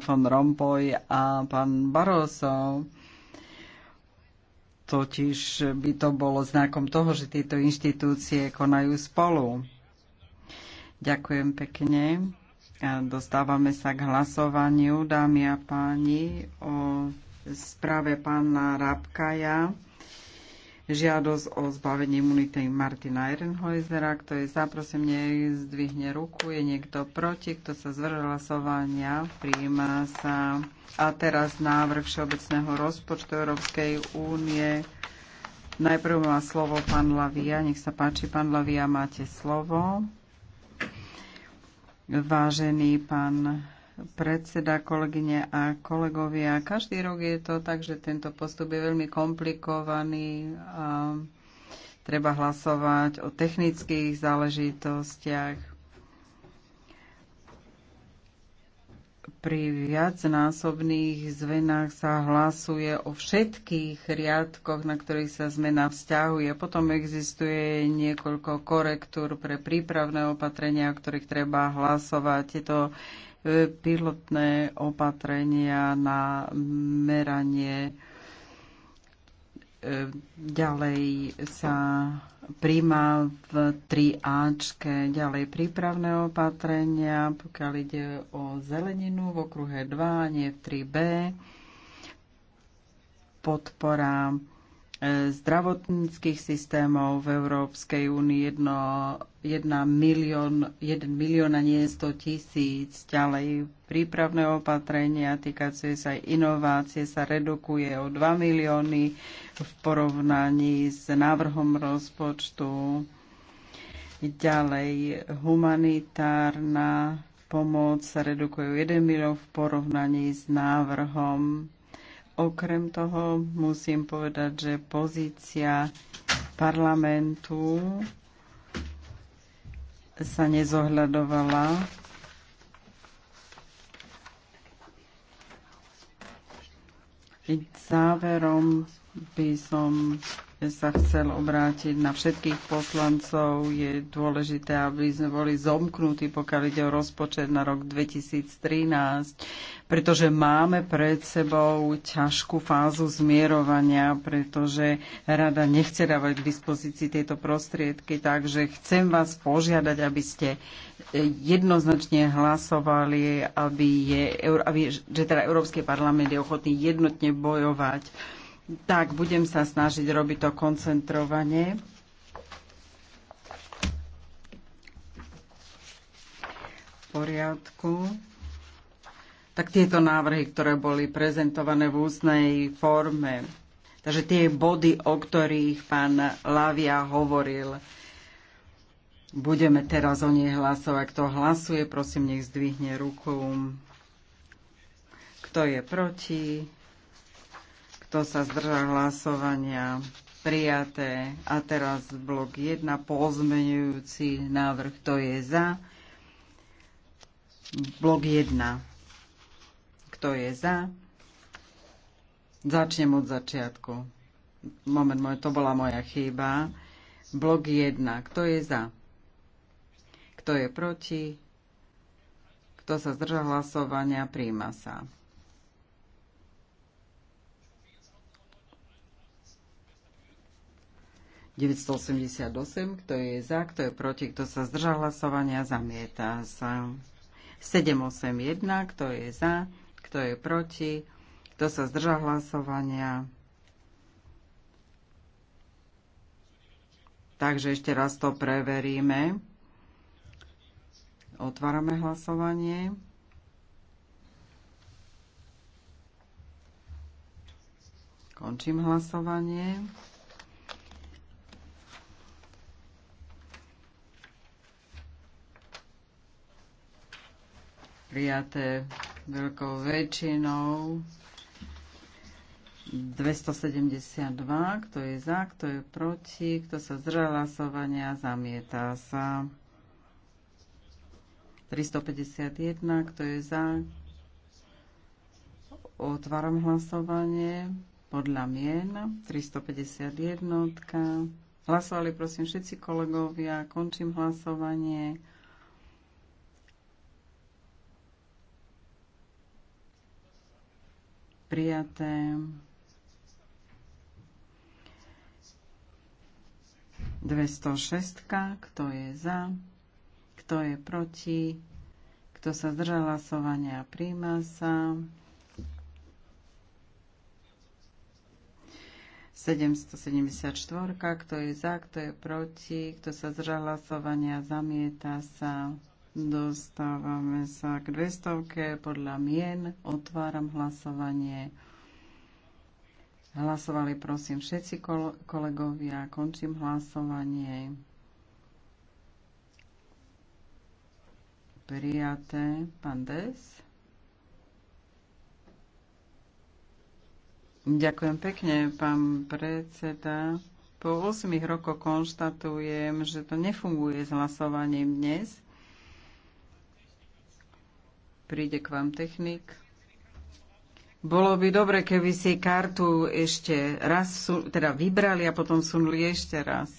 von Rompuy a pán Barroso. Totiž by to bolo znakom toho, že tieto inštitúcie konajú spolu. Ďakujem pekne. Dostávame sa k hlasovaniu, dámy a páni, o správe pána Rabkaja žiadosť o zbavenie imunity Martina Ehrenhäusera. Kto je za, prosím, zdvihne ruku. Je niekto proti? Kto sa zdržal hlasovania? Prijíma sa. A teraz návrh Všeobecného rozpočtu Európskej únie. Najprv má slovo pán Lavia. Nech sa páči, pán Lavia, máte slovo. Vážený pán predseda, kolegyne a kolegovia. Každý rok je to tak, že tento postup je veľmi komplikovaný a treba hlasovať o technických záležitostiach. Pri viacnásobných zmenách sa hlasuje o všetkých riadkoch, na ktorých sa zmena vzťahuje. Potom existuje niekoľko korektúr pre prípravné opatrenia, o ktorých treba hlasovať. Tieto E, pilotné opatrenia na meranie. E, ďalej sa príjma v 3Ačke, ďalej prípravné opatrenia, pokiaľ ide o zeleninu v okruhe 2, nie v 3B, podpora zdravotníckých systémov v Európskej únii. Jedno, jedna milión, jeden milión a nie 100 tisíc. Ďalej prípravné opatrenia týkacie sa aj inovácie sa redukuje o 2 milióny v porovnaní s návrhom rozpočtu. Ďalej humanitárna pomoc sa redukuje o 1 milión v porovnaní s návrhom Okrem toho musím povedať, že pozícia parlamentu sa nezohľadovala. Záverom by som sa chcel obrátiť na všetkých poslancov. Je dôležité, aby sme boli zomknutí, pokiaľ ide o rozpočet na rok 2013, pretože máme pred sebou ťažkú fázu zmierovania, pretože rada nechce dávať k dispozícii tieto prostriedky, takže chcem vás požiadať, aby ste e, jednoznačne hlasovali, aby je, aby, že teda Európsky parlament je ochotný jednotne bojovať tak, budem sa snažiť robiť to koncentrovanie. V poriadku. Tak tieto návrhy, ktoré boli prezentované v úsnej forme, takže tie body, o ktorých pán Lavia hovoril, budeme teraz o nej hlasovať. Kto hlasuje, prosím, nech zdvihne ruku. Kto je proti? Kto sa zdržal hlasovania? Prijaté. A teraz blok 1, pozmenujúci návrh. Kto je za? Blok 1. Kto je za? Začnem od začiatku. Moment, to bola moja chyba. Blok 1. Kto je za? Kto je proti? Kto sa zdržal hlasovania, príjma sa. 988, kto je za, kto je proti, kto sa zdržal hlasovania, zamieta sa. 781, kto je za, kto je proti, kto sa zdržal hlasovania. Takže ešte raz to preveríme. Otvárame hlasovanie. Končím hlasovanie. prijaté veľkou väčšinou. 272, kto je za, kto je proti, kto sa zdržal hlasovania, zamieta sa. 351, kto je za. Otváram hlasovanie podľa mien. 351. Hlasovali prosím všetci kolegovia. Končím hlasovanie. prijaté. 206, kto je za, kto je proti, kto sa zdržal hlasovania, príjma sa. 774, kto je za, kto je proti, kto sa zdržal hlasovania, zamieta sa. Dostávame sa k 200. podľa mien. Otváram hlasovanie. Hlasovali prosím všetci kolegovia. Končím hlasovanie. Prijaté. Pán Des. Ďakujem pekne, pán predseda. Po 8 rokoch konštatujem, že to nefunguje s hlasovaním dnes príde k vám technik. Bolo by dobre, keby si kartu ešte raz, teda vybrali a potom sunuli ešte raz.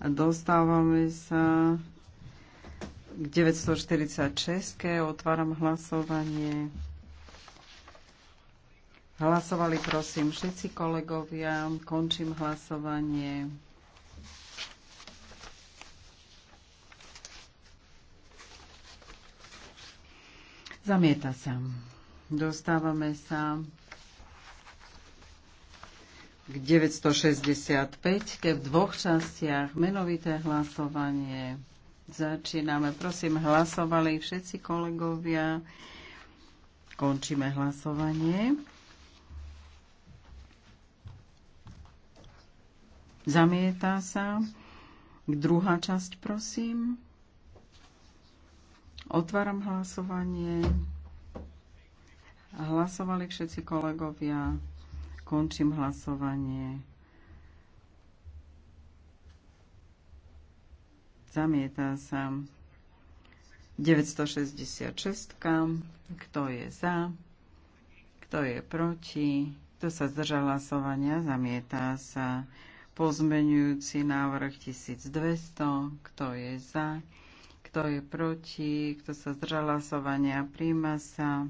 A dostávame sa k 946. Otváram hlasovanie. Hlasovali prosím všetci kolegovia. Končím hlasovanie. Zamieta sa. Dostávame sa k 965, ke v dvoch častiach menovité hlasovanie. Začíname. Prosím, hlasovali všetci kolegovia. Končíme hlasovanie. Zamieta sa. Druhá časť, prosím. Otváram hlasovanie. Hlasovali všetci kolegovia. Končím hlasovanie. Zamieta sa 966. Kto je za? Kto je proti? Kto sa zdržal hlasovania? Zamieta sa pozmenujúci návrh 1200. Kto je za? kto je proti, kto sa zdržal hlasovania, príjma sa.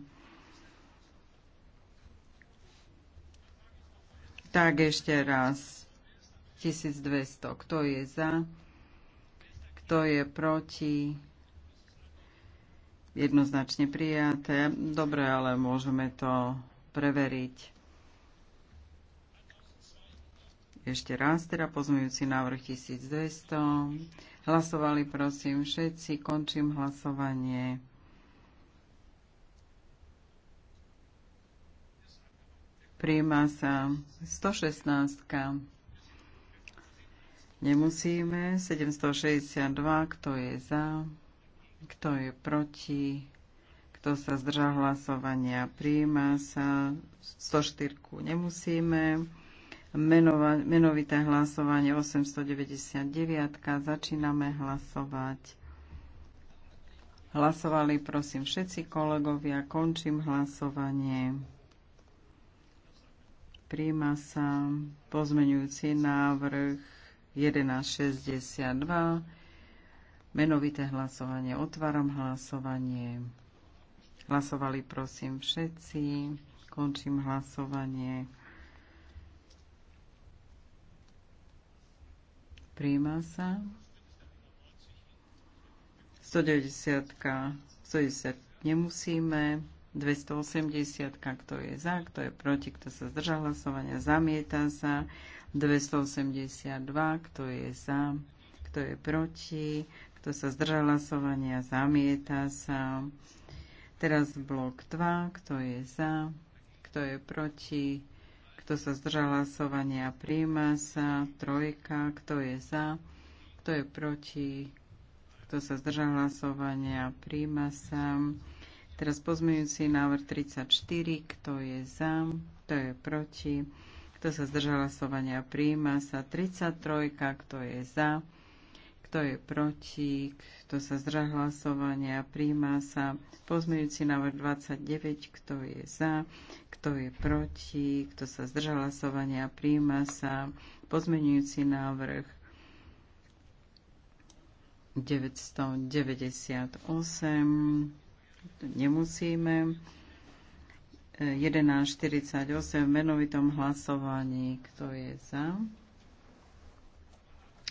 Tak ešte raz. 1200. Kto je za? Kto je proti? Jednoznačne prijaté. Dobre, ale môžeme to preveriť. Ešte raz, teda pozmujúci návrh 1200. Hlasovali prosím všetci. Končím hlasovanie. Príjma sa 116. Nemusíme. 762. Kto je za? Kto je proti? Kto sa zdržal hlasovania? Príjma sa 104. Nemusíme menova, menovité hlasovanie 899. Začíname hlasovať. Hlasovali prosím všetci kolegovia. Končím hlasovanie. Príjma sa pozmeňujúci návrh 1162. Menovité hlasovanie. Otváram hlasovanie. Hlasovali prosím všetci. Končím hlasovanie. Príjma sa. 190. 190 nemusíme. 280, kto je za, kto je proti, kto sa zdržal hlasovania, zamieta sa. 282, kto je za, kto je proti, kto sa zdržal hlasovania, zamieta sa. Teraz blok 2, kto je za, kto je proti, kto sa zdržal hlasovania, príjma sa. Trojka. Kto je za? Kto je proti? Kto sa zdržal hlasovania, príjma sa. Teraz pozmeňujúci návrh 34. Kto je za? Kto je proti? Kto sa zdržal hlasovania, príjma sa. 33. Kto je za? Kto je proti? Kto sa zdržal hlasovania? Príjma sa pozmeňujúci návrh 29. Kto je za? kto je proti, kto sa zdržal hlasovania, príjma sa pozmenujúci návrh 998, nemusíme, 1148 v menovitom hlasovaní, kto je za.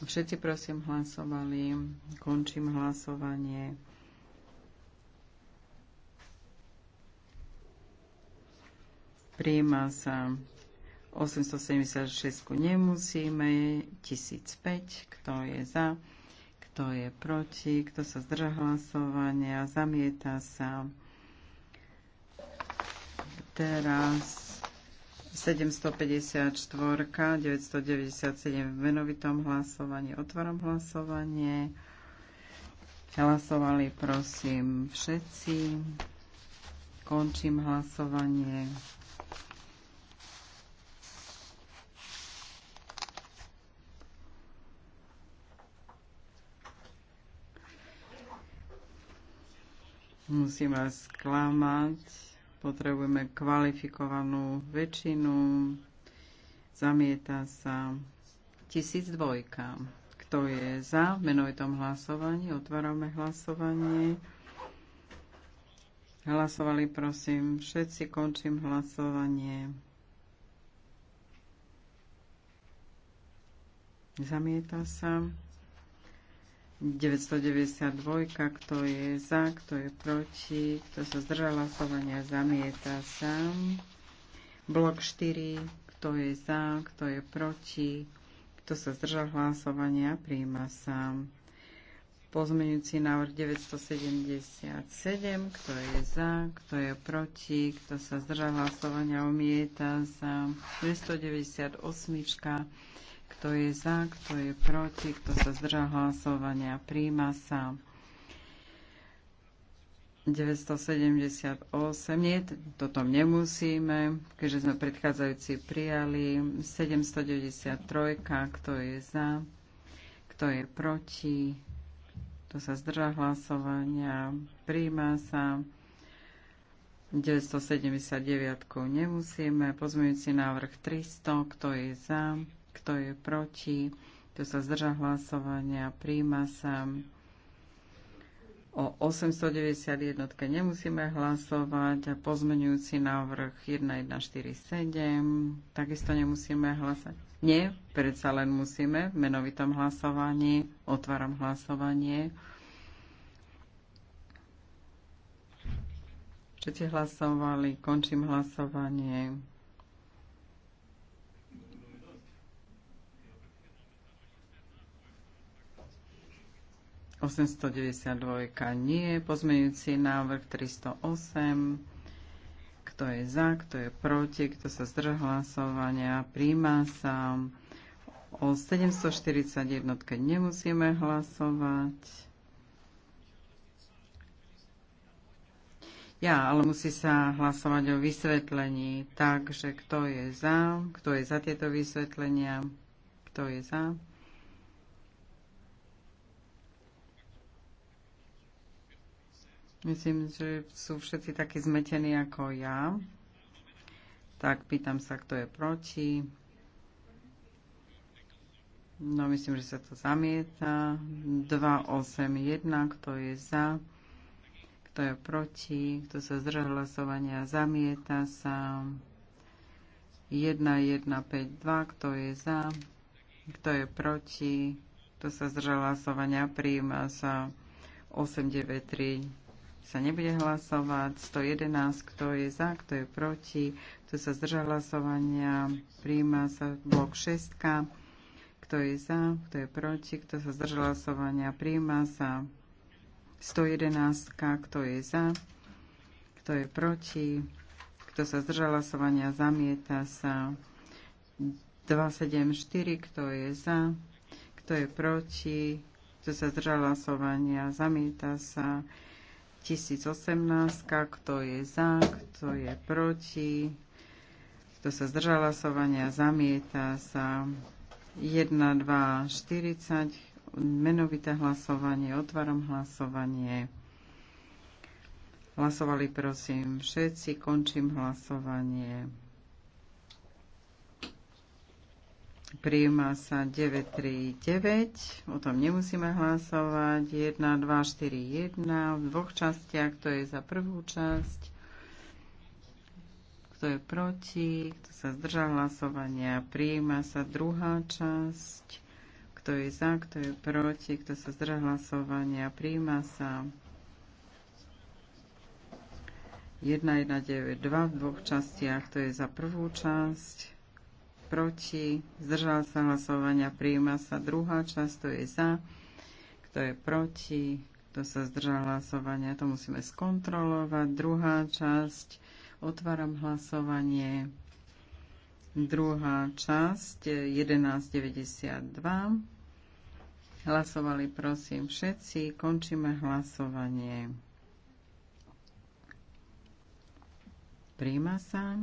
Všetci prosím hlasovali, končím hlasovanie. Príjma sa 876 nemusíme, 1005, kto je za, kto je proti, kto sa zdrža hlasovania, zamieta sa. Teraz 754, 997 v menovitom hlasovaní, otvorom hlasovanie. Hlasovali prosím všetci. Končím hlasovanie. Musím vás sklamať. Potrebujeme kvalifikovanú väčšinu. Zamieta sa dvojka. Kto je za? V menovitom hlasovaní. Otvárame hlasovanie. Hlasovali prosím všetci. Končím hlasovanie. Zamieta sa. 992, kto je za, kto je proti, kto sa zdržal hlasovania, zamieta sa. Blok 4, kto je za, kto je proti, kto sa zdržal hlasovania, prijíma sa. Pozmeňujúci návrh 977, kto je za, kto je proti, kto sa zdržal hlasovania, omieta sa. 298, kto je za, kto je proti, kto sa zdržal hlasovania, príjma sa. 978. Nie, toto nemusíme, keďže sme predchádzajúci prijali. 793. Kto je za? Kto je proti? Kto sa zdrža hlasovania? Príjma sa. 979. Nemusíme. Pozmeňujúci návrh 300. Kto je za? kto je proti, kto sa zdrža hlasovania, príjma sa. O 891 nemusíme hlasovať. Pozmenujúci návrh 1147. Takisto nemusíme hlasovať. Nie, predsa len musíme v menovitom hlasovaní. Otváram hlasovanie. Všetci hlasovali. Končím hlasovanie. 892 nie. Pozmeňujúci návrh 308. Kto je za, kto je proti, kto sa zdrž hlasovania, príjma sa. O 741 nemusíme hlasovať. Ja, ale musí sa hlasovať o vysvetlení. Takže kto je za, kto je za tieto vysvetlenia, kto je za. Myslím, že sú všetci takí zmetení ako ja. Tak pýtam sa, kto je proti. No myslím, že sa to zamieta. 281, kto je za, kto je proti, kto sa zdržal hlasovania, zamieta sa. 1152, kto je za, kto je proti, kto sa zdržal hlasovania, prijíma sa 893 sa nebude hlasovať. 111, kto je za, kto je proti, kto sa zdržal hlasovania, príjma sa blok 6. Kto je za, kto je proti, kto sa zdržal hlasovania, príjma sa 111, kto je za, kto je proti, kto sa zdržal hlasovania, zamieta sa 274, kto je za, kto je proti, kto sa zdržal hlasovania, zamieta sa 1018, kto je za, kto je proti, kto sa zdržal hlasovania, zamieta sa 1, 2, 40, menovité hlasovanie, otváram hlasovanie. Hlasovali prosím všetci, končím hlasovanie. prijíma sa 939, o tom nemusíme hlasovať. 1, 2, 4, 1 v dvoch častiach, to je za prvú časť kto je proti, kto sa zdrža hlasovania, prijíma sa druhá časť, kto je za, kto je proti, kto sa zdrža hlasovania, prijíma sa 1, 2, v dvoch častiach, to je za prvú časť, proti, zdržal sa hlasovania, prijíma sa druhá časť, to je za, kto je proti, kto sa zdržal hlasovania, to musíme skontrolovať. Druhá časť, otváram hlasovanie. Druhá časť, 11.92. Hlasovali prosím všetci, končíme hlasovanie. Prima sa.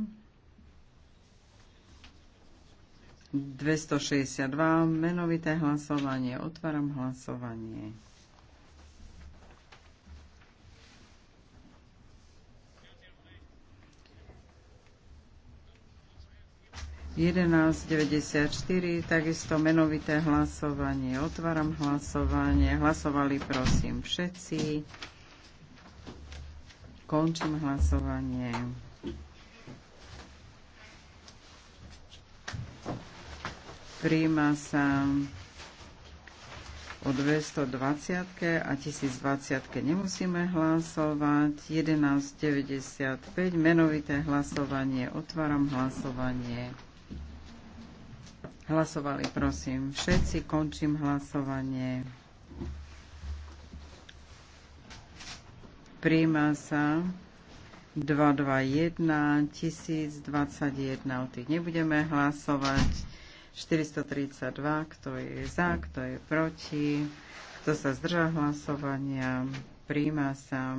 262, menovité hlasovanie. Otváram hlasovanie. Jedenásť deväťdesiatštyri, takisto menovité hlasovanie. Otváram hlasovanie. Hlasovali prosím všetci. Končím hlasovanie. Príjma sa o 220 a 1020 nemusíme hlasovať. 1195 menovité hlasovanie. Otváram hlasovanie. Hlasovali prosím všetci. Končím hlasovanie. Príjma sa 221 1021. O tých nebudeme hlasovať. 432, kto je za, kto je proti, kto sa zdrža hlasovania, príjma sa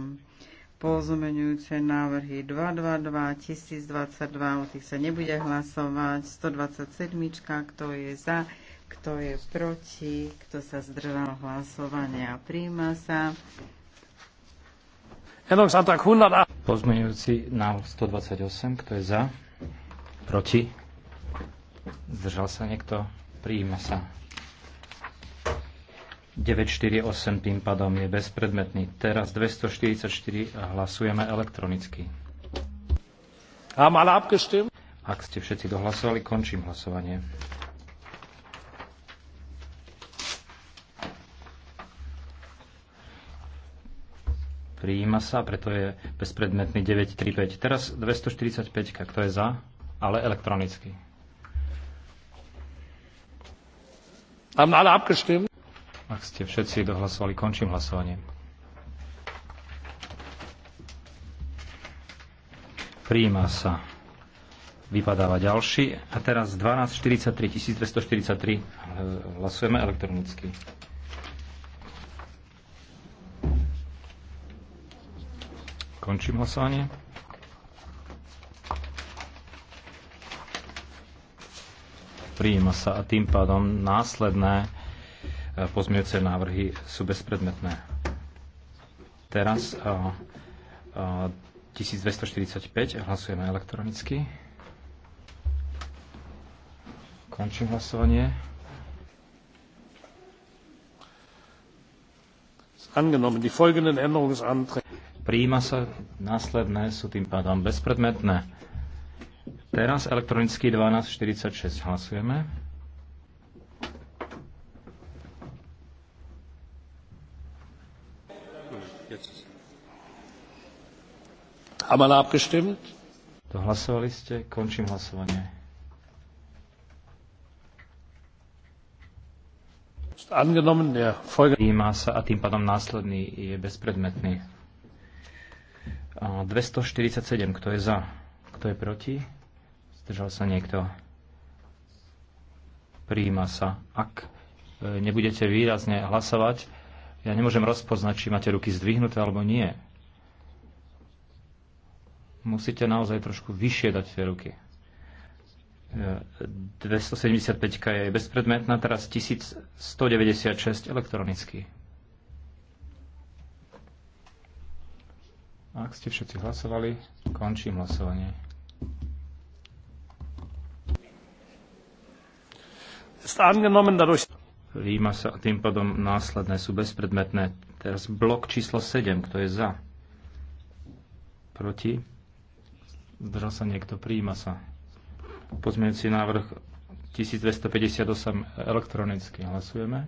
pozumenujúce návrhy 222, 1022, o tých sa nebude hlasovať, 127, kto je za, kto je proti, kto sa zdržal hlasovania, príjma sa. Pozmeňujúci návrh 128, kto je za, proti, Zdržal sa niekto? Príjme sa. 948 tým pádom je bezpredmetný. Teraz 244 hlasujeme elektronicky. Ak ste všetci dohlasovali, končím hlasovanie. Prijíma sa, preto je bezpredmetný 935. Teraz 245, kto je za, ale elektronicky. Haben alle abgestimmt? Ak ste všetci dohlasovali, končím hlasovanie. Príjima sa. Vypadáva ďalší. A teraz 1243, 1243 hlasujeme elektronicky. Končím hlasovanie. prijíma sa a tým pádom následné e, pozmiece návrhy sú bezpredmetné. Teraz 1245 e, e, hlasujeme elektronicky. Končím hlasovanie. Angenommen, die folgenden Änderungsanträge. Prijíma sa, následné sú tým pádom bezpredmetné. Teraz elektronicky 1246 hlasujeme. Haben alle abgestimmt? To hlasovali ste, končím hlasovanie. Angenommen, der Folge... sa a tým pádom následný je bezpredmetný. 247, kto je za, kto je proti? Zdržal sa niekto? Príjima sa. Ak e, nebudete výrazne hlasovať, ja nemôžem rozpoznať, či máte ruky zdvihnuté alebo nie. Musíte naozaj trošku vyššie dať tie ruky. 275 e, je bezpredmetná, teraz 1196 elektronicky. Ak ste všetci hlasovali, končím hlasovanie. Výjima sa a tým pádom následné sú bezpredmetné. Teraz blok číslo 7, kto je za? Proti? Zdržal sa niekto, prijíma sa. Pozmeňujúci návrh 1258 elektronicky hlasujeme.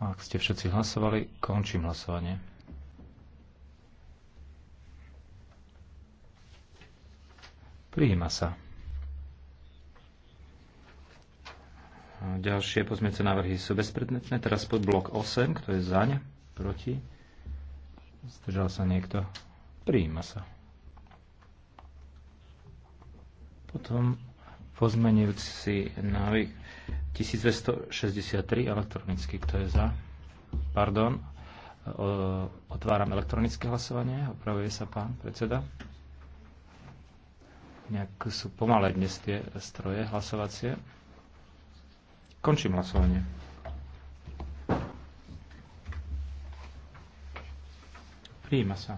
Ak ste všetci hlasovali, končím hlasovanie. Prijíma sa. Ďalšie pozmeňujúce návrhy sú bezpredmetné. Teraz pod blok 8, kto je zaň, proti. Zdržal sa niekto. Prijíma sa. Potom pozmenujúci návyk 1263 elektronicky, kto je za. Pardon, otváram elektronické hlasovanie, opravuje sa pán predseda. Nejak sú pomalé dnes tie stroje hlasovacie. Končím hlasovanie. Príjima sa.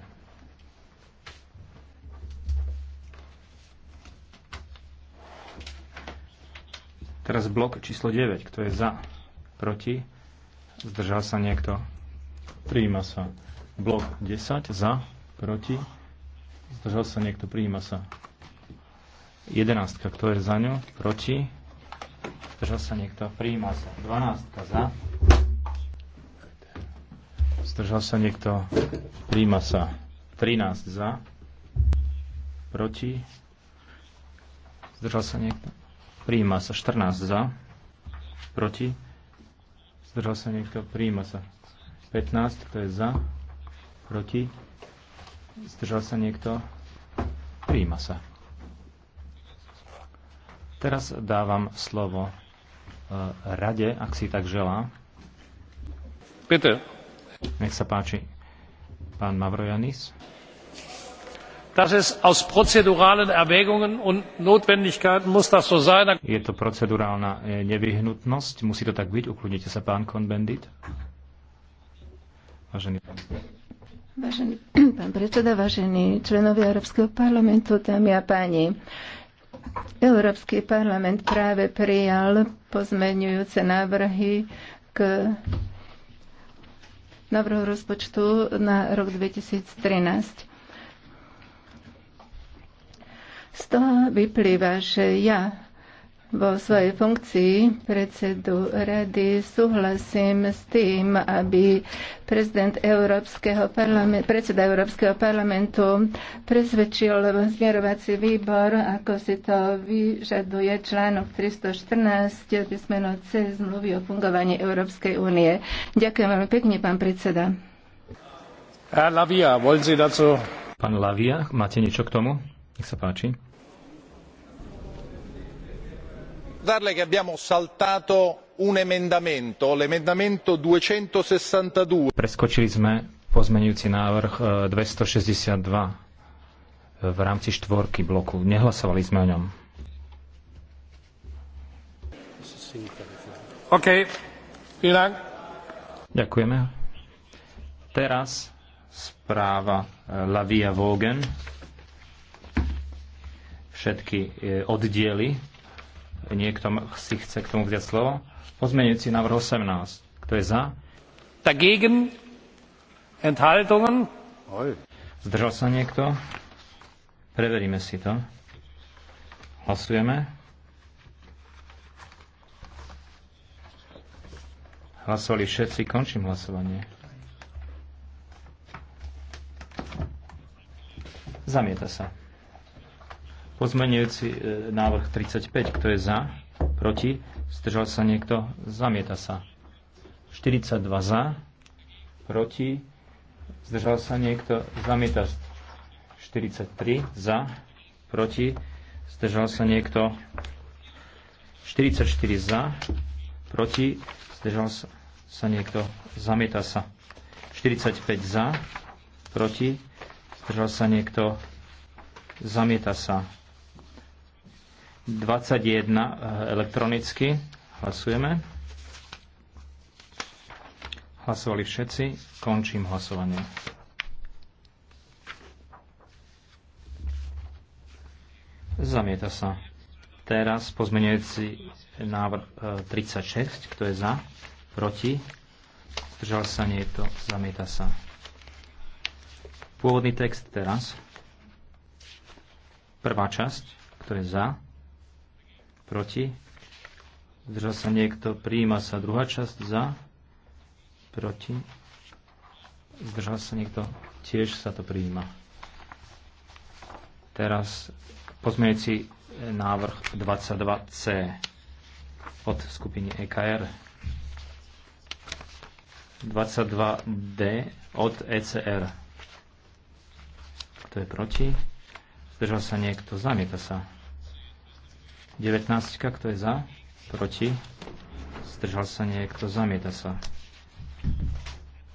Teraz blok číslo 9. Kto je za? Proti? Zdržal sa niekto? Príjima sa. Blok 10. Za? Proti? Zdržal sa niekto? Príjima sa. 11. Kto je za ňou? Proti? Zdržal sa niekto? Príjima sa. 12 za. Zdržal sa niekto? Príjima sa. 13 za. Proti. Zdržal sa niekto? Príjima sa. 14 za. Proti. Zdržal sa niekto? Príjima sa. 15, kto je za? Proti. Zdržal sa niekto? Príjima sa. Teraz dávam slovo Eh, rade, ak si tak želá. Peter. Nech sa páči, pán Mavrojanis. Das ist aus prozeduralen Erwägungen und Notwendigkeiten muss das so sein. Je to procedurálna eh, nevyhnutnosť, musí to tak byť. Ukludnite sa, pán Konbendit. Vážený pán. Vážený pán predseda, vážení členovia Európskeho parlamentu, dámy a páni. Európsky parlament práve prijal pozmeňujúce návrhy k návrhu rozpočtu na rok 2013. Z toho vyplýva, že ja vo svojej funkcii predsedu rady súhlasím s tým, aby prezident Európskeho parlamentu, predseda Európskeho parlamentu presvedčil zmierovací výbor, ako si to vyžaduje článok 314 písmeno C zmluvy o fungovaní Európskej únie. Ďakujem veľmi pekne, pán predseda. Pán Lavia, máte niečo k tomu? Nech sa páči. ricordarle che abbiamo saltato un emendamento, l'emendamento duecentosessantadue Preskočili sme návrh eh, eh, v rámci štvorky bloku. Teraz správa eh, Vogen všetky oddiely niekto si chce k tomu vziať slovo. Pozmeňujúci návrh 18. Kto je za? Dagegen. Enthaltungen. Zdržal sa niekto? Preveríme si to. Hlasujeme. Hlasovali všetci. Končím hlasovanie. Zamieta sa. Pozmenujúci e, návrh 35, kto je za, proti, zdržal sa niekto, zamieta sa. 42 za, proti, zdržal sa niekto, zamieta 43 za, proti, zdržal sa niekto, 44 za, proti, zdržal sa niekto, zamieta sa. 45 za, proti, zdržal sa niekto, zamieta sa. 21 eh, elektronicky. Hlasujeme. Hlasovali všetci. Končím hlasovanie. Zamieta sa. Teraz pozmeňujúci návrh 36. Eh, Kto je za? Proti? Zdržal sa nie je to. Zamieta sa. Pôvodný text teraz. Prvá časť. Kto je za? proti, zdržal sa niekto, prijíma sa druhá časť za, proti, zdržal sa niekto, tiež sa to prijíma. Teraz pozmejci návrh 22C od skupiny EKR. 22D od ECR. Kto je proti? Zdržal sa niekto? Zamieta sa. 19, kto je za? Proti? Zdržal sa niekto? Zamieta sa.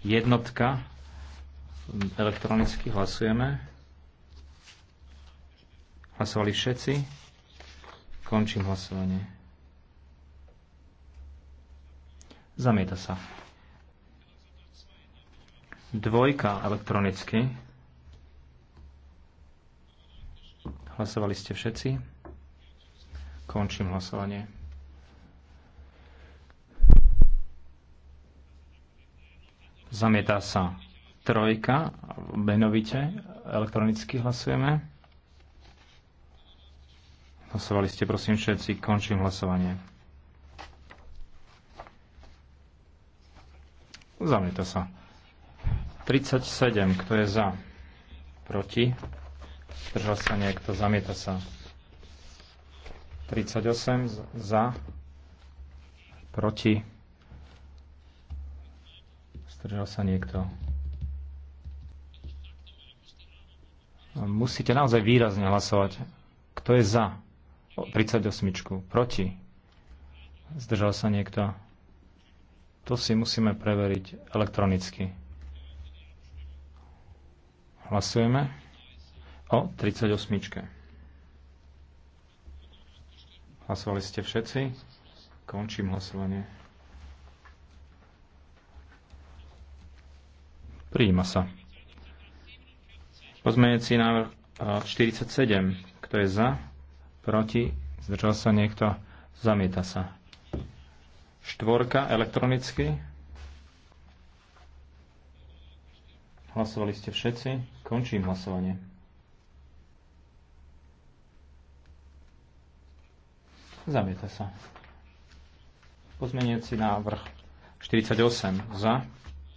Jednotka. Elektronicky hlasujeme. Hlasovali všetci. Končím hlasovanie. Zamieta sa. Dvojka elektronicky. Hlasovali ste všetci. Končím hlasovanie. Zamietá sa trojka, menovite, elektronicky hlasujeme. Hlasovali ste, prosím, všetci. Končím hlasovanie. Zamieta sa. 37, kto je za? Proti? Držal sa niekto, zamieta sa. 38 za, proti, zdržal sa niekto. Musíte naozaj výrazne hlasovať. Kto je za 38? Proti? Zdržal sa niekto? To si musíme preveriť elektronicky. Hlasujeme o 38. Hlasovali ste všetci? Končím hlasovanie. Prijíma sa. Pozmenujúci návrh 47. E, Kto je za? Proti? Zdržal sa niekto? Zamieta sa. Štvorka elektronicky. Hlasovali ste všetci. Končím hlasovanie. Zamieta sa. Pozmeniaci návrh 48 za,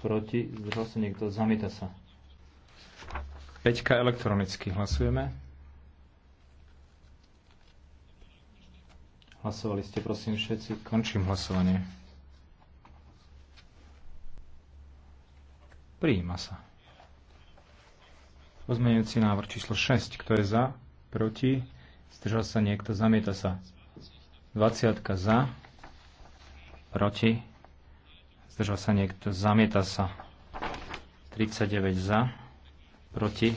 proti, zdržal sa niekto, zamieta sa. 5 elektronicky hlasujeme. Hlasovali ste prosím všetci. Končím hlasovanie. Prijíma sa. Pozmeňujúci návrh číslo 6. Kto je za? Proti? Zdržal sa niekto? Zamieta sa. 20 za, proti, zdržal sa niekto, zamieta sa. 39 za, proti,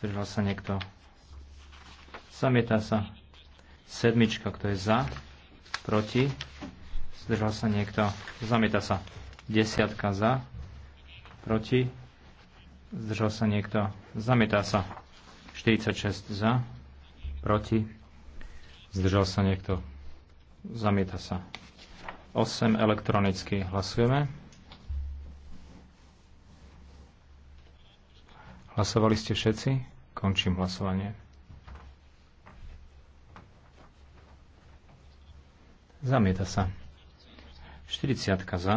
zdržal sa niekto, zamieta sa. Sedmička, kto je za, proti, zdržal sa niekto, zamieta sa. Desiatka za, proti, zdržal sa niekto, zamieta sa. 46 za, proti, Zdržal sa niekto? Zamieta sa. 8 elektronicky hlasujeme. Hlasovali ste všetci? Končím hlasovanie. Zamieta sa. 40 za.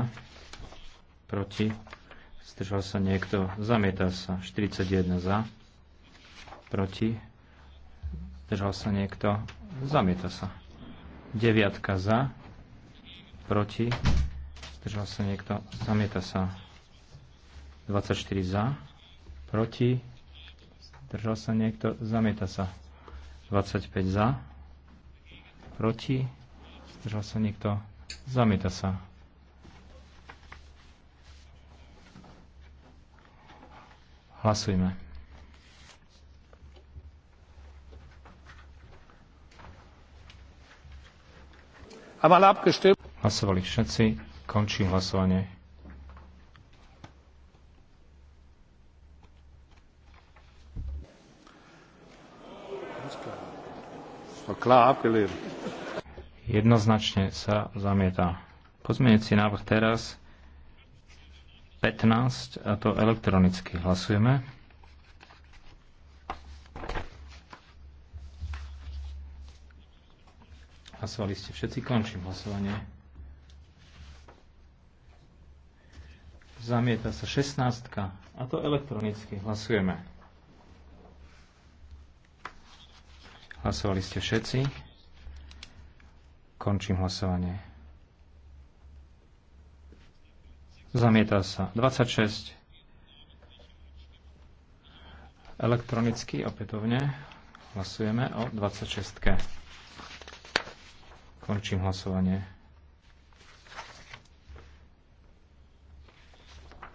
Proti. Zdržal sa niekto. Zamieta sa. 41 za. Proti. Zdržal sa niekto. Zamieta sa. Deviatka za. Proti. Zdržal sa niekto. Zamieta sa. 24 za. Proti. Zdržal sa niekto. Zamieta sa. 25 za. Proti. Zdržal sa niekto. Zamieta sa. Hlasujme. Hlasovali všetci. Končím hlasovanie. Jednoznačne sa zamieta. Pozmeniaci návrh teraz 15 a to elektronicky hlasujeme. Hlasovali ste všetci. Končím hlasovanie. Zamieta sa 16. A to elektronicky. Hlasujeme. Hlasovali ste všetci. Končím hlasovanie. Zamieta sa 26. Elektronicky opätovne hlasujeme o 26. Končím hlasovanie.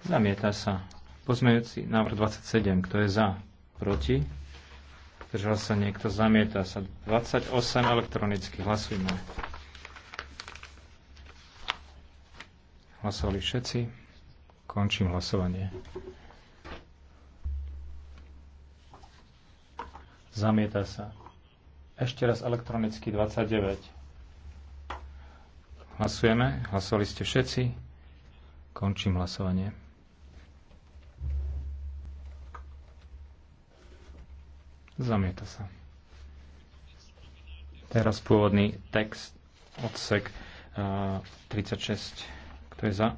Zamieta sa. Pozmejúci návrh 27. Kto je za? Proti? Držal sa niekto? Zamieta sa. 28 elektronicky. Hlasujme. Hlasovali všetci. Končím hlasovanie. Zamieta sa. Ešte raz elektronicky 29. Hlasujeme. Hlasovali ste všetci. Končím hlasovanie. Zamieta sa. Teraz pôvodný text, odsek uh, eh, 36, kto je za?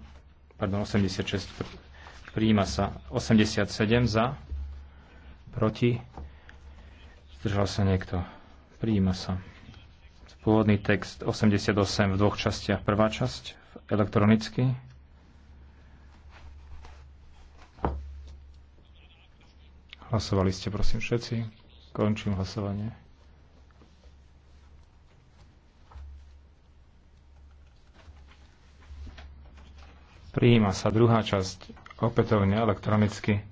Pardon, 86, prijíma sa 87 za, proti, zdržal sa niekto, prijíma sa. Pôvodný text 88 v dvoch častiach. Prvá časť elektronicky. Hlasovali ste, prosím, všetci. Končím hlasovanie. Prijíma sa druhá časť opätovne elektronicky.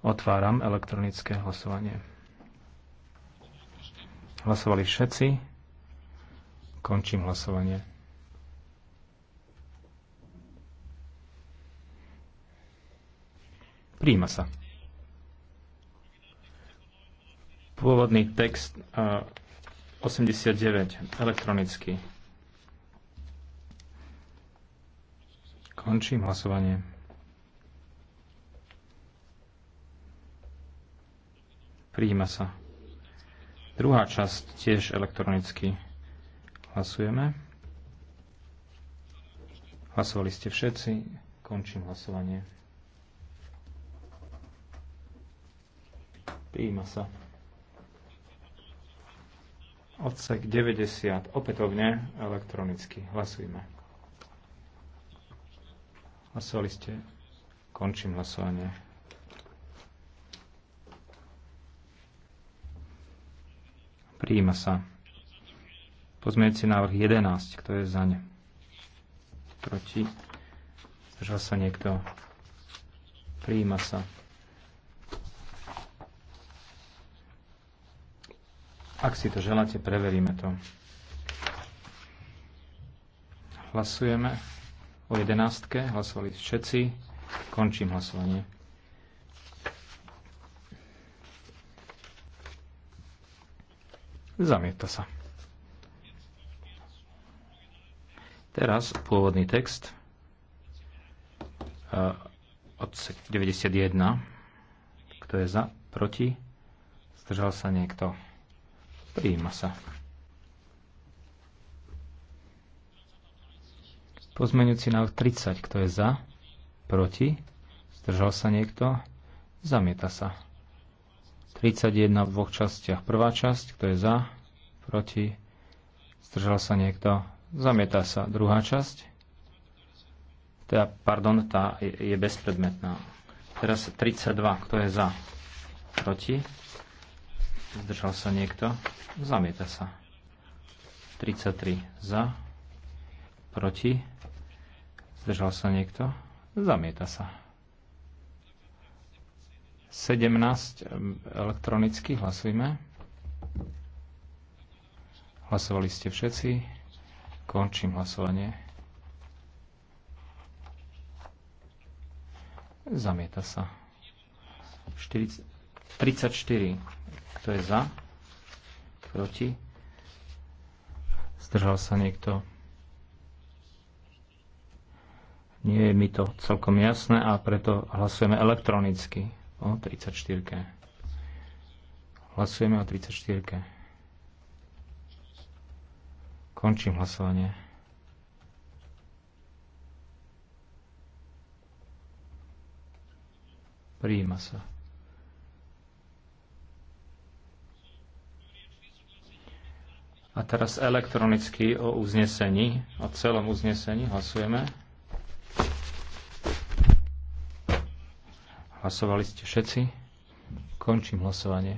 Otváram elektronické hlasovanie. Hlasovali všetci. Končím hlasovanie. Príjima sa. Pôvodný text 89 elektronicky. Končím hlasovanie. Príjima sa. Druhá časť tiež elektronicky. Hlasujeme. Hlasovali ste všetci. Končím hlasovanie. Prijíma sa. Odsek 90. Opätovne elektronicky. Hlasujeme. Hlasovali ste. Končím hlasovanie. Prijíma sa. Pozmeňujúci návrh 11. Kto je za ne? Proti? Zdržal sa niekto? Prijíma sa. Ak si to želáte, preveríme to. Hlasujeme o 11. Hlasovali všetci. Končím hlasovanie. Zamieta sa. Teraz pôvodný text e, od 91. Kto je za? Proti? Zdržal sa niekto? Prijíma sa. Pozmeňujúci návrh 30. Kto je za? Proti? Zdržal sa niekto? Zamieta sa. 31 v dvoch častiach. Prvá časť. Kto je za? Proti? Zdržal sa niekto? Zamieta sa druhá časť. Teda, pardon, tá je, je bezpredmetná. Teraz 32. Kto je za? Proti? Zdržal sa niekto? Zamieta sa. 33. Za? Proti? Zdržal sa niekto? Zamieta sa. 17 elektronicky hlasujme. Hlasovali ste všetci. Končím hlasovanie. Zamieta sa. 40, 34. Kto je za? Proti? Zdržal sa niekto? Nie je mi to celkom jasné a preto hlasujeme elektronicky o 34. Hlasujeme o 34. Končím hlasovanie. Prijíma sa. A teraz elektronicky o uznesení, o celom uznesení hlasujeme. Hlasovali ste všetci? Končím hlasovanie.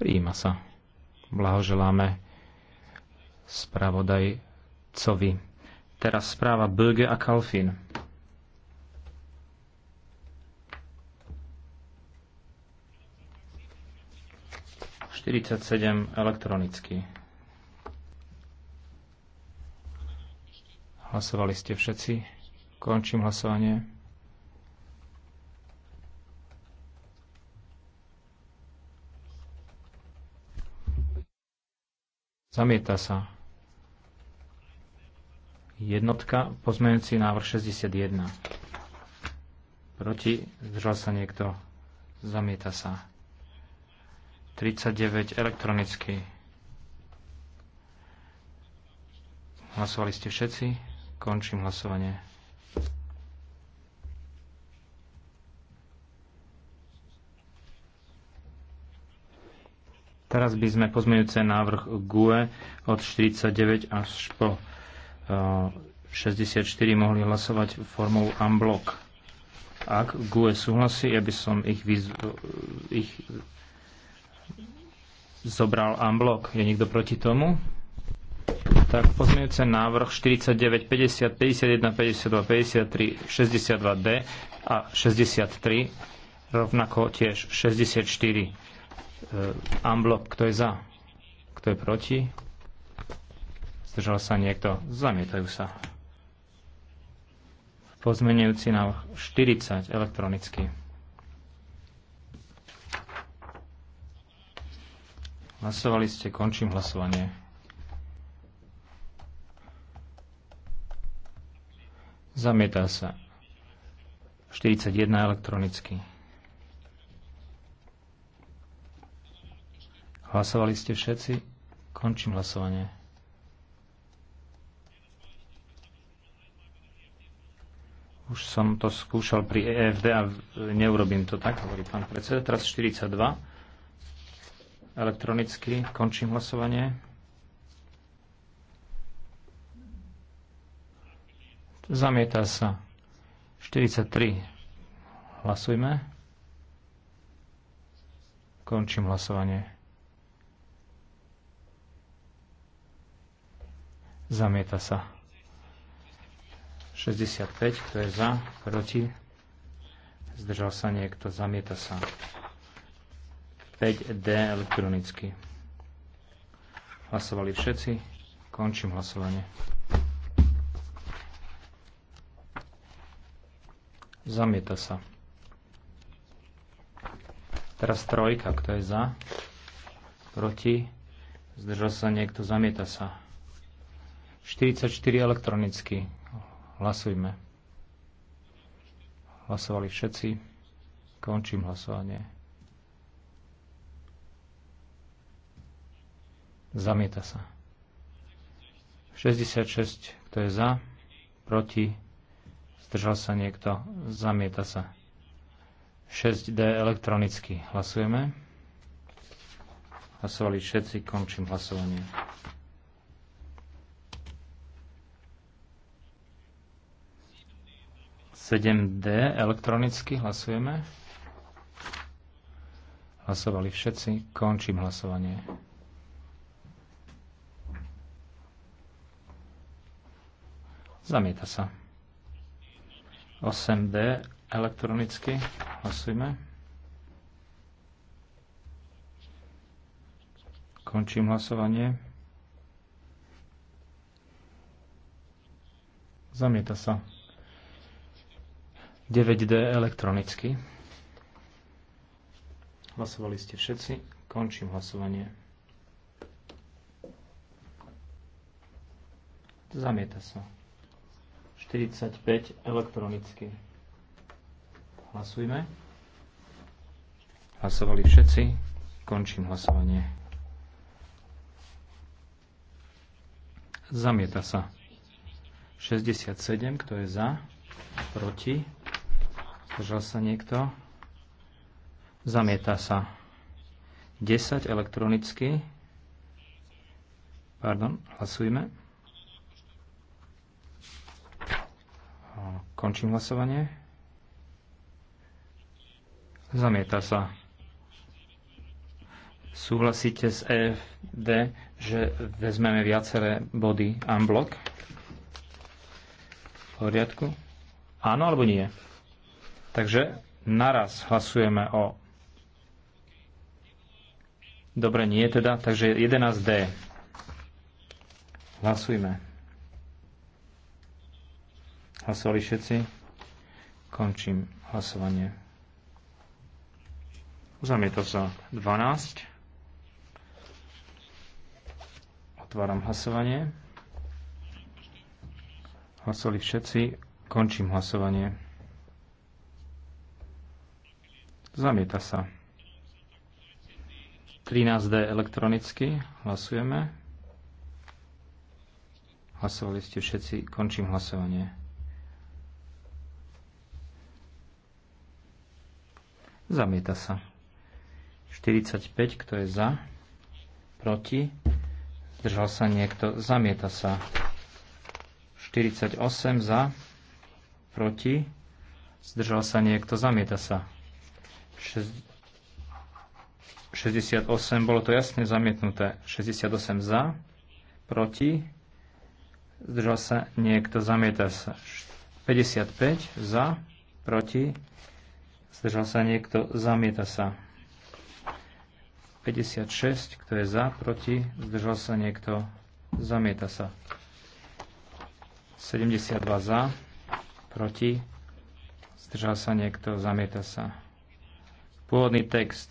Prijíma sa. Blahoželáme spravodajcovi. Teraz správa Böge a Kalfin. Štyridsaťsedem elektronicky. Hlasovali ste všetci? Končím hlasovanie. Zamieta sa. Jednotka, pozmenujúci návrh 61. Proti, zdržal sa niekto. Zamieta sa. 39 elektronicky. Hlasovali ste všetci? Končím hlasovanie. Teraz by sme pozmeňujúce návrh GUE od 49 až po 64 uh, mohli hlasovať formou unblock. Ak GUE súhlasí, ja by som ich, vyz... Uh, ich zobral unblock. Je niekto proti tomu? Tak pozmeňujúce návrh 49, 50, 51, 52, 53, 62D a 63, rovnako tiež 64. Amblok, eh, kto je za? Kto je proti? Zdržal sa niekto? Zamietajú sa. Pozmenujúci na 40 elektronicky. Hlasovali ste, končím hlasovanie. Zamietá sa. 41 elektronicky. Hlasovali ste všetci? Končím hlasovanie. Už som to skúšal pri EFD a neurobím to tak, hovorí pán predseda. Teraz 42. Elektronicky končím hlasovanie. Zamieta sa. 43. Hlasujme. Končím hlasovanie. Zamieta sa. 65, kto je za, proti, zdržal sa niekto, zamieta sa. 5D elektronicky. Hlasovali všetci, končím hlasovanie. Zamieta sa. Teraz trojka, kto je za, proti, zdržal sa niekto, zamieta sa. 44 elektronicky. Hlasujme. Hlasovali všetci. Končím hlasovanie. Zamieta sa. 66, kto je za, proti, zdržal sa niekto, zamieta sa. 6D elektronicky. Hlasujeme. Hlasovali všetci, končím hlasovanie. 7D elektronicky hlasujeme. Hlasovali všetci. Končím hlasovanie. Zamieta sa. 8D elektronicky. Hlasujeme. Končím hlasovanie. Zamieta sa. 9D elektronicky. Hlasovali ste všetci. Končím hlasovanie. Zamieta sa. 45 elektronicky. Hlasujme. Hlasovali všetci. Končím hlasovanie. Zamieta sa. 67, kto je za, proti, Zdržal sa niekto? Zamieta sa. 10 elektronicky. Pardon, hlasujme. Končím hlasovanie. Zamieta sa. Súhlasíte s EFD, že vezmeme viaceré body unblock? V poriadku? Áno alebo nie? Takže naraz hlasujeme o... Dobre, nie teda. Takže 11D. Hlasujme. Hlasovali všetci? Končím hlasovanie. to sa 12. Otváram hlasovanie. Hlasovali všetci. Končím hlasovanie. Zamieta sa. 13D elektronicky. Hlasujeme. Hlasovali ste všetci. Končím hlasovanie. Zamieta sa. 45, kto je za? Proti? Zdržal sa niekto? Zamieta sa. 48 za? Proti? Zdržal sa niekto? Zamieta sa. 68, bolo to jasne zamietnuté. 68 za, proti, zdržal sa niekto, zamieta sa. 55 za, proti, zdržal sa niekto, zamieta sa. 56, kto je za, proti, zdržal sa niekto, zamieta sa. 72 za, proti, zdržal sa niekto, zamieta sa. Pôvodný text.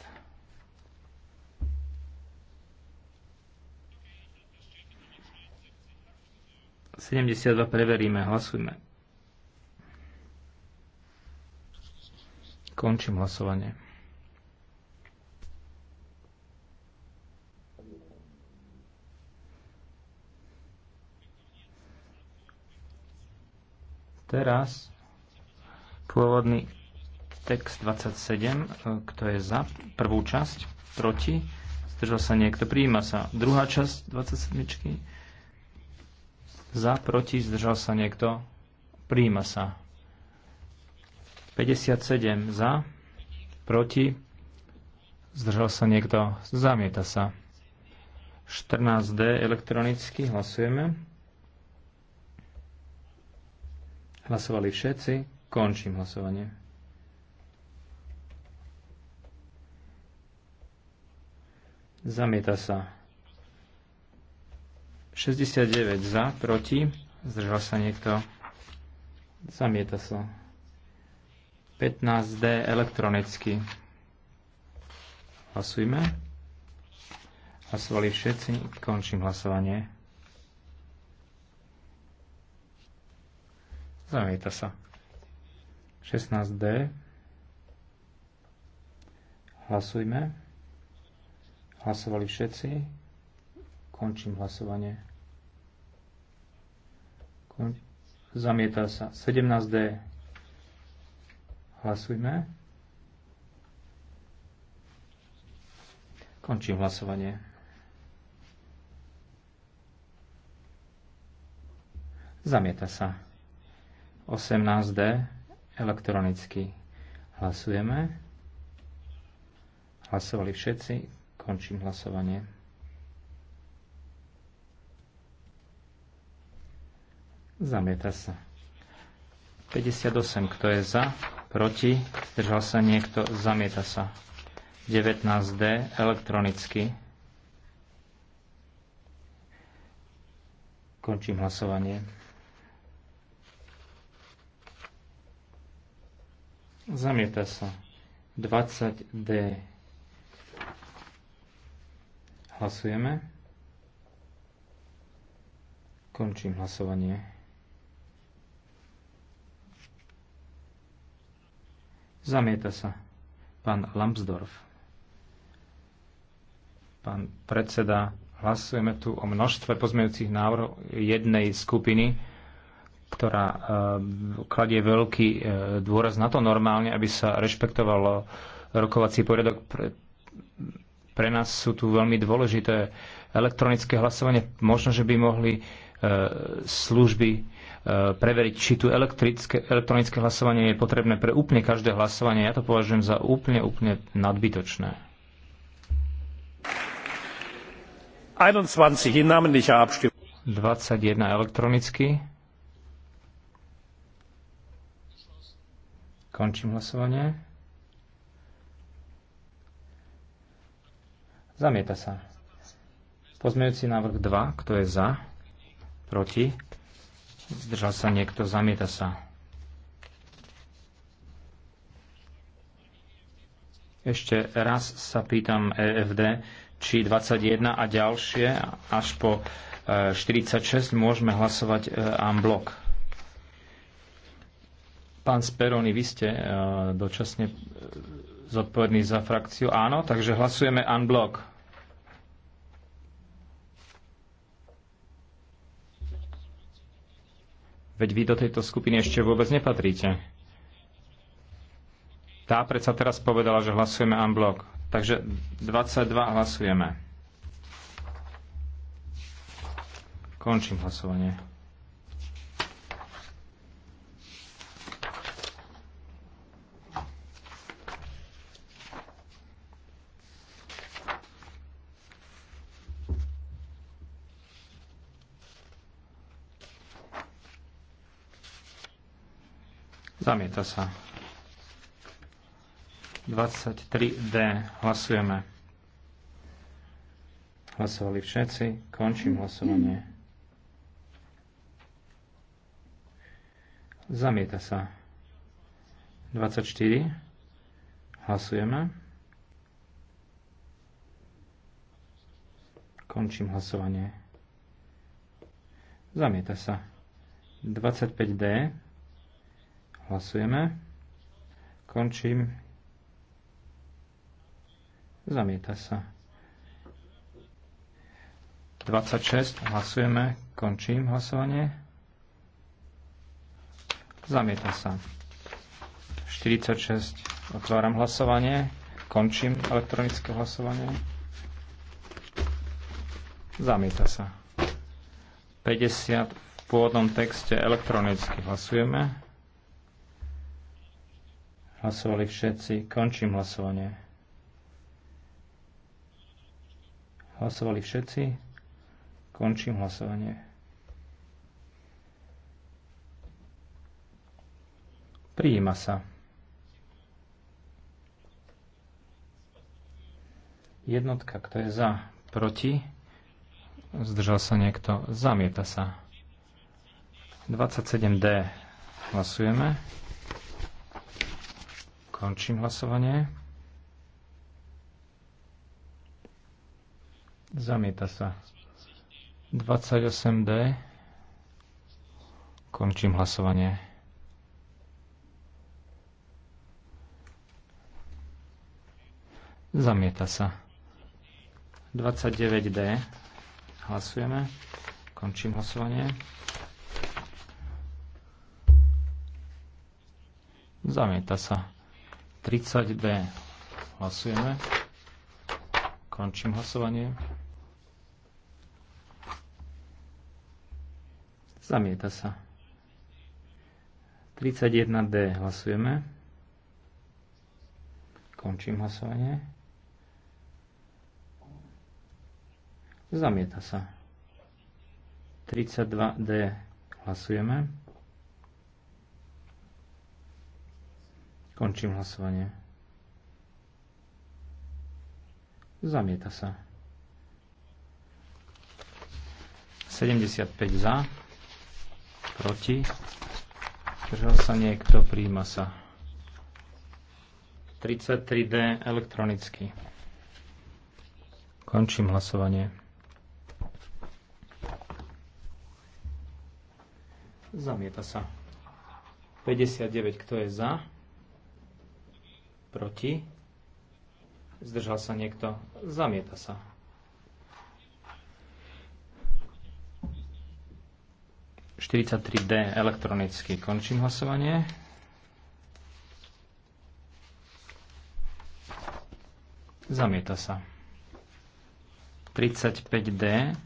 Sedemdesiat dva preveríme, hlasujme. Končím hlasovanie. Teraz pôvodný Text 27, e, kto je za prvú časť, proti, zdržal sa niekto, prijíma sa. Druhá časť 27, za, proti, zdržal sa niekto, prijíma sa. 57 za, proti, zdržal sa niekto, zamieta sa. 14D elektronicky hlasujeme. Hlasovali všetci, končím hlasovanie. Zamieta sa. 69 za, proti. Zdržal sa niekto. Zamieta sa. 15D elektronicky. Hlasujme. Hlasovali všetci. Končím hlasovanie. Zamieta sa. 16D. Hlasujme. Hlasovali všetci. Končím hlasovanie. Kon- zamieta sa 17D. Hlasujme. Končím hlasovanie. Zamieta sa. 18D elektronicky. Hlasujeme. Hlasovali všetci. Končím hlasovanie. Zamieta sa. 58, kto je za, proti, zdržal sa niekto, zamieta sa. 19D elektronicky. Končím hlasovanie. Zamieta sa. 20D Hlasujeme. Končím hlasovanie. Zamieta sa. Pán Lambsdorff. Pán predseda, hlasujeme tu o množstve pozmejúcich návrhov jednej skupiny, ktorá e, kladie veľký e, dôraz na to normálne, aby sa rešpektovalo rokovací poriadok pre, pre nás sú tu veľmi dôležité elektronické hlasovanie. Možno, že by mohli e, služby e, preveriť, či tu elektronické hlasovanie je potrebné pre úplne každé hlasovanie. Ja to považujem za úplne, úplne nadbytočné. 21 21 elektronicky. Končím hlasovanie. Zamieta sa. Pozmejúci návrh 2, kto je za? Proti? Zdržal sa niekto? Zamieta sa. Ešte raz sa pýtam EFD, či 21 a ďalšie až po 46 e, môžeme hlasovať e, en blok. Pán Speroni, vy ste e, dočasne zodpovedný za frakciu áno, takže hlasujeme en blok. Veď vy do tejto skupiny ešte vôbec nepatríte. Tá predsa teraz povedala, že hlasujeme en bloc. Takže 22 hlasujeme. Končím hlasovanie. Zamieta sa. 23D. Hlasujeme. Hlasovali všetci. Končím hlasovanie. Zamieta sa. 24. Hlasujeme. Končím hlasovanie. Zamieta sa. 25D. Hlasujeme. Končím. Zamieta sa. 26. Hlasujeme. Končím hlasovanie. Zamieta sa. 46. Otváram hlasovanie. Končím elektronické hlasovanie. Zamieta sa. 50. V pôvodnom texte elektronicky hlasujeme. Hlasovali všetci. Končím hlasovanie. Hlasovali všetci. Končím hlasovanie. Prijíma sa. Jednotka, kto je za, proti. Zdržal sa niekto, zamieta sa. 27D. Hlasujeme. Končím hlasovanie. Zamieta sa. 28D. Končím hlasovanie. Zamieta sa. 29D. Hlasujeme. Končím hlasovanie. Zamieta sa. 30 d Hlasujeme. Končím hlasovanie. Zamieta sa. 31D hlasujeme. Končím hlasovanie. Zamieta sa. 32D hlasujeme. Končím hlasovanie. Zamieta sa. 75 za, proti, Držal sa niekto, príjma sa. 33D elektronicky. Končím hlasovanie. Zamieta sa. 59, kto je za? Proti? Zdržal sa niekto? Zamieta sa. d elektronicky. Končím hlasovanie. Zamieta sa. 35D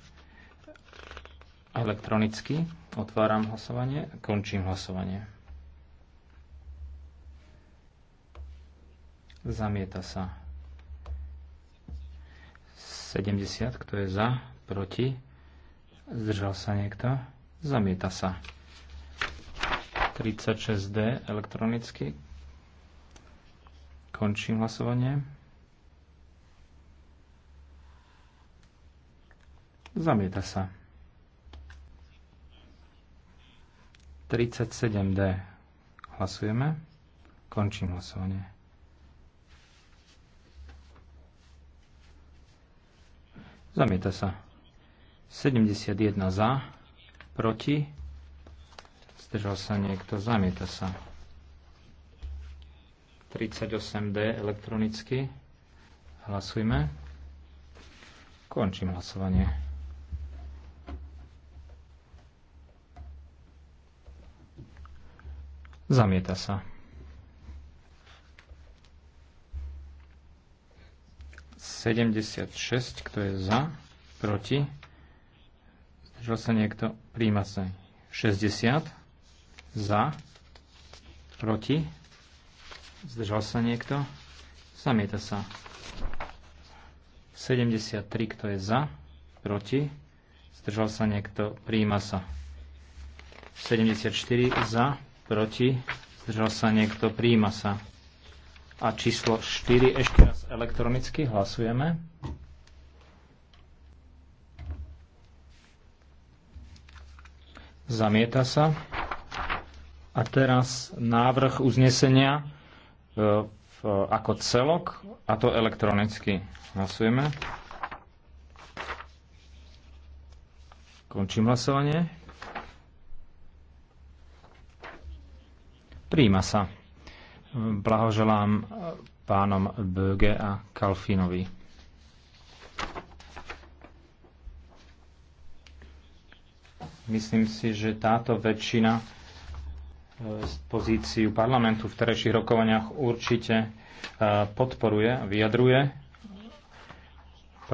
elektronicky. Otváram hlasovanie. Končím hlasovanie. Zamieta sa. 70, kto je za, proti, zdržal sa niekto, zamieta sa. 36D elektronicky. Končím hlasovanie. Zamieta sa. 37D. Hlasujeme. Končím hlasovanie. Zamieta sa. 71 za, proti, zdržal sa niekto, zamieta sa. 38D elektronicky. Hlasujme. Končím hlasovanie. Zamieta sa. 76, kto je za, proti, zdržal sa niekto, príjma sa 60, za, proti, zdržal sa niekto, zamieta sa 73, kto je za, proti, zdržal sa niekto, príjma sa 74, za, proti, zdržal sa niekto, príjma sa a číslo 4 ešte Elektronicky hlasujeme. Zamieta sa. A teraz návrh uznesenia v, e, v, ako celok, a to elektronicky. Hlasujeme. Končím hlasovanie. Príjma sa. Blahoželám e, pánom Böge a Kalfinovi. Myslím si, že táto väčšina z e, pozíciu parlamentu v terejších rokovaniach určite e, podporuje, vyjadruje.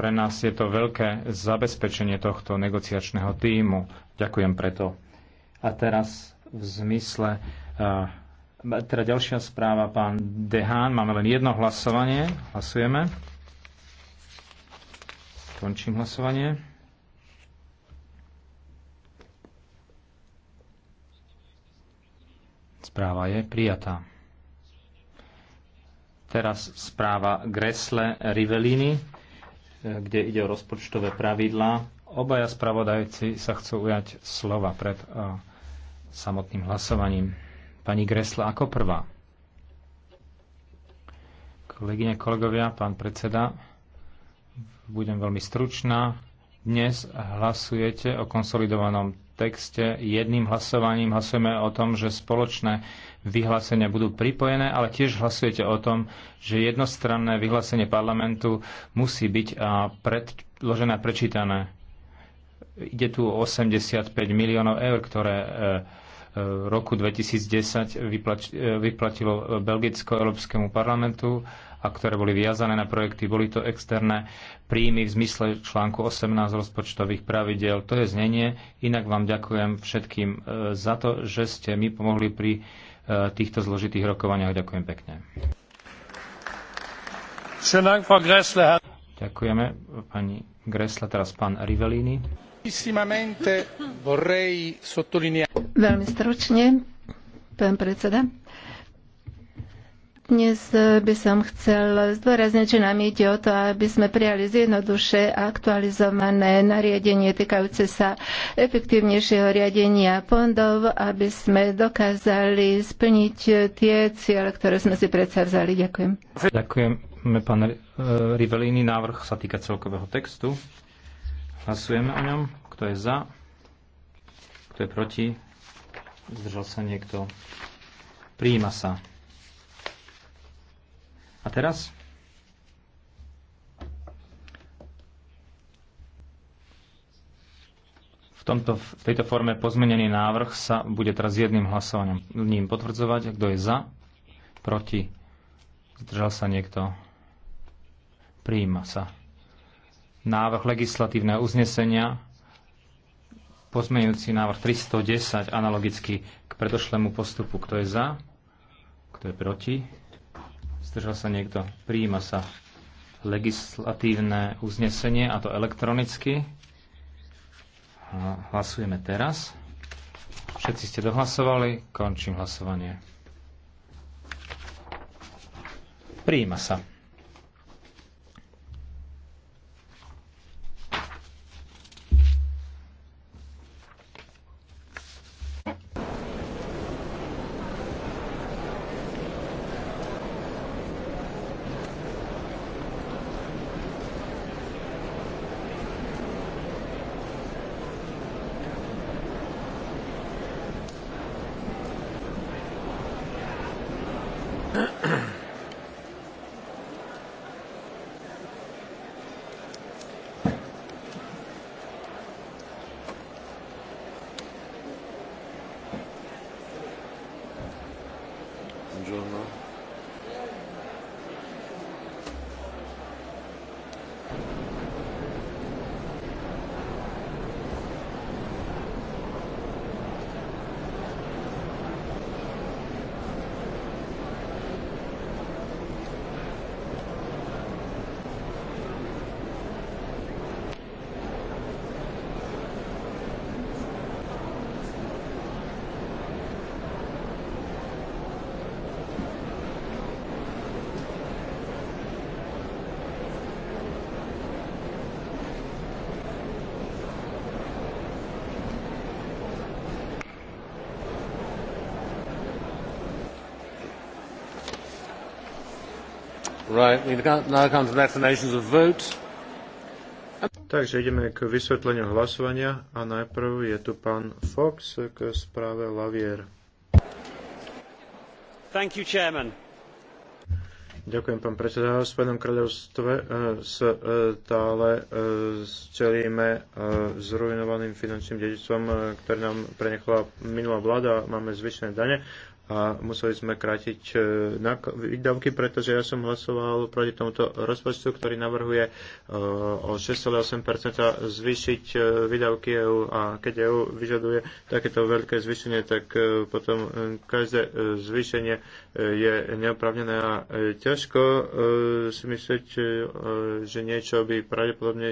Pre nás je to veľké zabezpečenie tohto negociačného týmu. Ďakujem preto. A teraz v zmysle e, teda ďalšia správa, pán Dehán. Máme len jedno hlasovanie. Hlasujeme. Končím hlasovanie. Správa je prijatá. Teraz správa Gresle Rivelini, eh, kde ide o rozpočtové pravidlá. Obaja spravodajci sa chcú ujať slova pred eh, samotným hlasovaním. Pani Gresla ako prvá. Kolegyne, kolegovia, pán predseda, budem veľmi stručná. Dnes hlasujete o konsolidovanom texte jedným hlasovaním. Hlasujeme o tom, že spoločné vyhlásenia budú pripojené, ale tiež hlasujete o tom, že jednostranné vyhlásenie parlamentu musí byť predložené a prečítané. Ide tu o 85 miliónov eur, ktoré e, roku 2010 e, vyplatilo Belgicko Európskemu parlamentu a ktoré boli viazané na projekty. Boli to externé príjmy v zmysle článku 18 rozpočtových pravidel. To je znenie. Inak vám ďakujem všetkým e, za to, že ste mi pomohli pri e, týchto zložitých rokovaniach. Ďakujem pekne. Ďakujeme pani Gresla, teraz pán Rivellini. Veľmi stručne, pán predseda. Dnes by som chcel zdôrazniť, že nám ide o to, aby sme prijali zjednoduše a aktualizované nariadenie týkajúce sa efektívnejšieho riadenia fondov, aby sme dokázali splniť tie ciele, ktoré sme si predsavzali. Ďakujem. pán eh, Rivelini. Návrh sa týka celkového textu. Hlasujeme o ňom. Kto je za? Kto je proti? Zdržal sa niekto? Prijíma sa. A teraz? V, tomto, v tejto forme pozmenený návrh sa bude teraz jedným hlasovaním ním potvrdzovať. Kto je za? Proti? Zdržal sa niekto? Prijíma sa návrh legislatívneho uznesenia, pozmeňujúci návrh 310 analogicky k predošlému postupu. Kto je za? Kto je proti? Zdržal sa niekto? Prijíma sa legislatívne uznesenie, a to elektronicky. Hlasujeme teraz. Všetci ste dohlasovali. Končím hlasovanie. Prijíma sa. Takže ideme k vysvetleniu hlasovania a najprv je tu pán Fox k správe Lavier. Thank you, chairman. Ďakujem, pán predseda. V Spojenom kráľovstve eh, eh, stále eh, čelíme zrujnovaným finančným dedičstvom, ktoré nám prenechala minulá vláda. Máme zvyšené dane a museli sme krátiť e, výdavky, pretože ja som hlasoval proti tomuto rozpočtu, ktorý navrhuje e, o 6,8% zvýšiť e, výdavky EU a keď EU vyžaduje takéto veľké zvýšenie, tak potom každé zvýšenie je neopravnené a ťažko si myslieť, že niečo by pravdepodobne